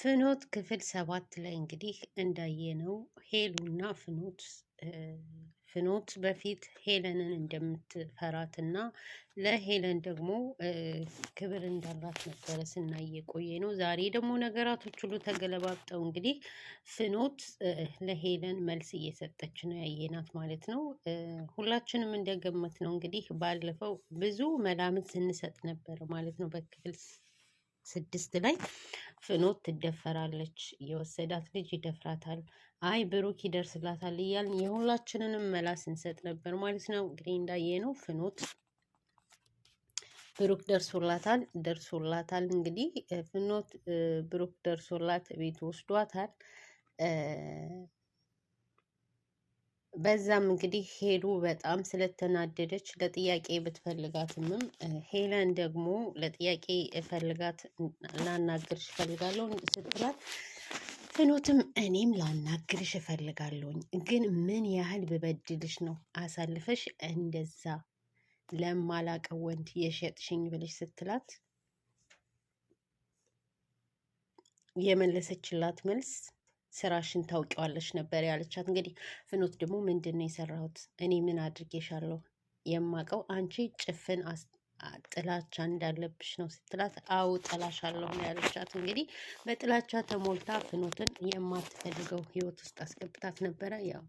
ፍኖት ክፍል ሰባት ላይ እንግዲህ እንዳየነው ሄሉና ፍኖት ፍኖት በፊት ሄለንን እንደምትፈራት እና ለሄለን ደግሞ ክብር እንዳላት ነበረ ስናይ የቆየ ነው። ዛሬ ደግሞ ነገራቶች ሁሉ ተገለባብጠው እንግዲህ ፍኖት ለሄለን መልስ እየሰጠች ነው ያየናት ማለት ነው። ሁላችንም እንደገመት ነው እንግዲህ ባለፈው ብዙ መላምት ስንሰጥ ነበረ ማለት ነው በክፍል ስድስት ላይ ፍኖት ትደፈራለች። የወሰዳት ልጅ ይደፍራታል። አይ ብሩክ ይደርስላታል እያልን የሁላችንንም መላስ እንሰጥ ነበር ማለት ነው። እንግዲህ እንዳየ ነው ፍኖት ብሩክ ደርሶላታል ደርሶላታል። እንግዲህ ፍኖት ብሩክ ደርሶላት ቤት ወስዷታል። በዛም እንግዲህ ሄሉ በጣም ስለተናደደች ለጥያቄ ብትፈልጋትምም ሄለን ደግሞ ለጥያቄ እፈልጋት ላናግርሽ እፈልጋለሁ ስትላት ፍኖትም እኔም ላናግርሽ እፈልጋለሁኝ ግን ምን ያህል ብበድልሽ ነው አሳልፈሽ እንደዛ ለማላቀ ወንድ የሸጥሽኝ ብለሽ ስትላት የመለሰችላት መልስ ስራሽን ታውቂዋለሽ ነበር ያለቻት። እንግዲህ ፍኖት ደግሞ ምንድን ነው የሰራሁት እኔ ምን አድርጌሻለሁ? የማውቀው አንቺ ጭፍን ጥላቻ እንዳለብሽ ነው ስትላት፣ አው ጥላሻለሁ ያለቻት። እንግዲህ በጥላቻ ተሞልታ ፍኖትን የማትፈልገው ህይወት ውስጥ አስገብታት ነበረ። ያው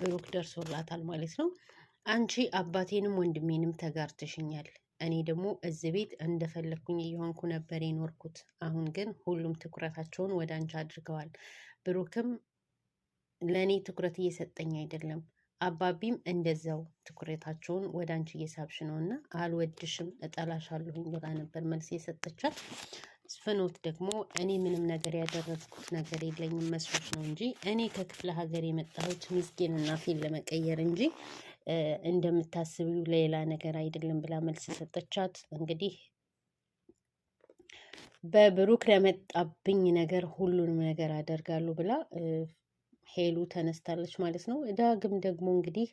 ብሩክ ደርሶላታል ማለት ነው። አንቺ አባቴንም ወንድሜንም ተጋርተሽኛል እኔ ደግሞ እዚህ ቤት እንደፈለግኩኝ እየሆንኩ ነበር የኖርኩት። አሁን ግን ሁሉም ትኩረታቸውን ወደ አንቺ አድርገዋል። ብሩክም ለእኔ ትኩረት እየሰጠኝ አይደለም። አባቢም እንደዛው ትኩረታቸውን ወደ አንቺ እየሳብሽ ነው እና አልወድሽም፣ እጠላሻለሁኝ ብላ ነበር መልስ የሰጠቻት። ፍኖት ደግሞ እኔ ምንም ነገር ያደረግኩት ነገር የለኝም መስሎሽ ነው እንጂ እኔ ከክፍለ ሀገር የመጣሁት ምስኪንና ፊል ለመቀየር እንጂ እንደምታስቢው ሌላ ነገር አይደለም ብላ መልስ ሰጠቻት። እንግዲህ በብሩክ ለመጣብኝ ነገር ሁሉንም ነገር አደርጋለሁ ብላ ሄሉ ተነስታለች ማለት ነው። ዳግም ደግሞ እንግዲህ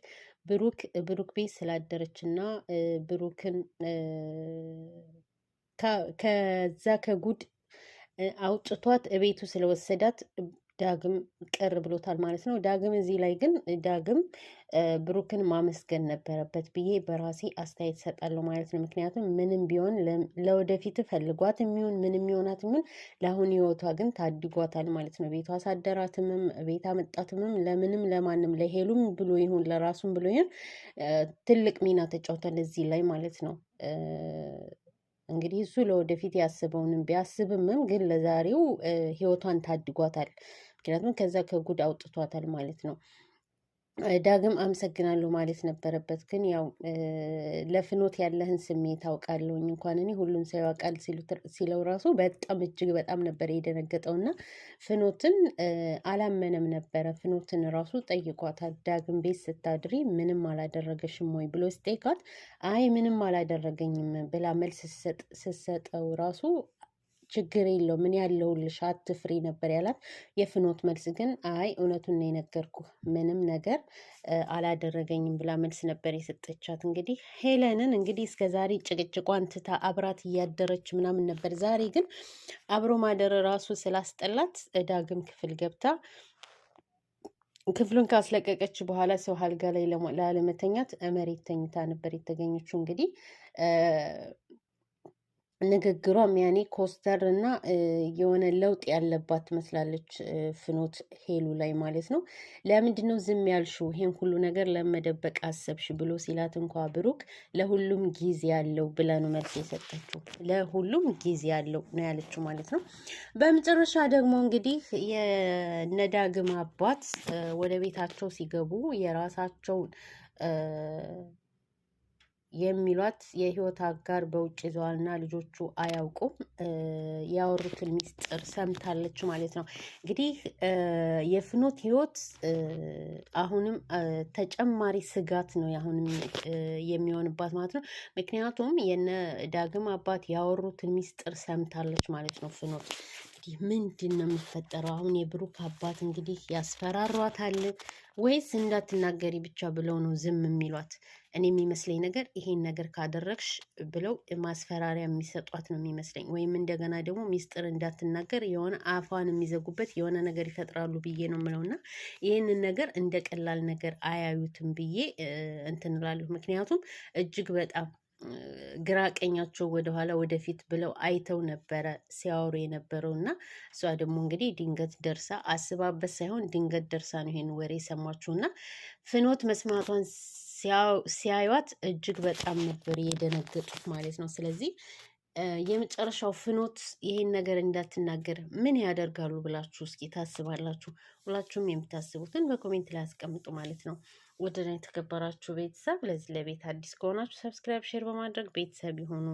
ብሩክ ብሩክ ቤት ስላደረች እና ብሩክን ከዛ ከጉድ አውጥቷት እቤቱ ስለወሰዳት ዳግም ቅር ብሎታል ማለት ነው። ዳግም እዚህ ላይ ግን ዳግም ብሩክን ማመስገን ነበረበት ብዬ በራሴ አስተያየት ሰጣለሁ ማለት ነው። ምክንያቱም ምንም ቢሆን ለወደፊት ፈልጓት የሚሆን ምንም የሚሆናት የሚሆን ለአሁን ህይወቷ ግን ታድጓታል ማለት ነው። ቤቷ አሳደራትምም ቤት አመጣትምም ለምንም ለማንም ለሄሉም ብሎ ይሁን ለራሱም ብሎ ይሁን ትልቅ ሚና ተጫውቷል እዚህ ላይ ማለት ነው። እንግዲህ እሱ ለወደፊት ያስበውንም ቢያስብምም ግን ለዛሬው ህይወቷን ታድጓታል። ምክንያቱም ከዛ ከጉድ አውጥቷታል ማለት ነው። ዳግም አመሰግናለሁ ማለት ነበረበት። ግን ያው ለፍኖት ያለህን ስሜት አውቃለሁኝ እንኳን እኔ ሁሉም ሰው ያውቃል ሲለው ራሱ በጣም እጅግ በጣም ነበር የደነገጠው እና ፍኖትን አላመነም ነበረ። ፍኖትን ራሱ ጠይቋታል። ዳግም ቤት ስታድሪ ምንም አላደረገሽም ወይ ብሎ ስጠይቃት አይ ምንም አላደረገኝም ብላ መልስ ስሰጠው ራሱ ችግር የለው ምን ያለውልሽ አትፍሪ ነበር ያላት። የፍኖት መልስ ግን አይ እውነቱን ነው የነገርኩ ምንም ነገር አላደረገኝም ብላ መልስ ነበር የሰጠቻት። እንግዲህ ሄለንን እንግዲህ እስከ ዛሬ ጭቅጭቋን ትታ አብራት እያደረች ምናምን ነበር። ዛሬ ግን አብሮ ማደር ራሱ ስላስጠላት ዳግም ክፍል ገብታ ክፍሉን ካስለቀቀች በኋላ ሰው አልጋ ላይ ላለመተኛት መሬት ተኝታ ነበር የተገኘችው እንግዲህ ንግግሯም ያኔ ኮስተር እና የሆነ ለውጥ ያለባት ትመስላለች ፍኖት ሄሉ ላይ ማለት ነው። ለምንድን ነው ዝም ያልሽው? ይሄን ሁሉ ነገር ለመደበቅ አሰብሽ ብሎ ሲላት እንኳ ብሩክ ለሁሉም ጊዜ ያለው ብላ ነው መልስ የሰጠችው። ለሁሉም ጊዜ ያለው ነው ያለችው ማለት ነው። በመጨረሻ ደግሞ እንግዲህ የነዳግም አባት ወደ ቤታቸው ሲገቡ የራሳቸውን የሚሏት የህይወት አጋር በውጭ ይዘዋልና ልጆቹ አያውቁም። ያወሩትን ሚስጥር ሰምታለች ማለት ነው። እንግዲህ የፍኖት ህይወት አሁንም ተጨማሪ ስጋት ነው አሁንም የሚሆንባት ማለት ነው። ምክንያቱም የነ ዳግም አባት ያወሩትን ሚስጥር ሰምታለች ማለት ነው ፍኖት እስኪ ምንድን ነው የሚፈጠረው? አሁን የብሩክ አባት እንግዲህ ያስፈራሯታል ወይስ እንዳትናገሪ ብቻ ብለው ነው ዝም የሚሏት? እኔ የሚመስለኝ ነገር ይሄን ነገር ካደረግሽ ብለው ማስፈራሪያ የሚሰጧት ነው የሚመስለኝ። ወይም እንደገና ደግሞ ሚስጥር እንዳትናገር የሆነ አፏን የሚዘጉበት የሆነ ነገር ይፈጥራሉ ብዬ ነው የምለው እና ይህንን ነገር እንደ ቀላል ነገር አያዩትም ብዬ እንትንላለሁ ምክንያቱም እጅግ በጣም ግራ ቀኛቸው ወደኋላ ወደፊት ብለው አይተው ነበረ ሲያወሩ የነበረው እና እሷ ደግሞ እንግዲህ ድንገት ደርሳ አስባበት ሳይሆን ድንገት ደርሳ ነው ይሄን ወሬ ሰማችሁ እና ፍኖት መስማቷን ሲያዩት እጅግ በጣም ነበር የደነገጡት ማለት ነው። ስለዚህ የመጨረሻው ፍኖት ይሄን ነገር እንዳትናገር ምን ያደርጋሉ ብላችሁ እስኪ ታስባላችሁ? ሁላችሁም የምታስቡትን በኮሜንት ላይ አስቀምጡ ማለት ነው። ወደ የተከበራችሁ ቤተሰብ፣ ለዚህ ለቤት አዲስ ከሆናችሁ ሰብስክራይብ፣ ሼር በማድረግ ቤተሰብ ይሁኑ።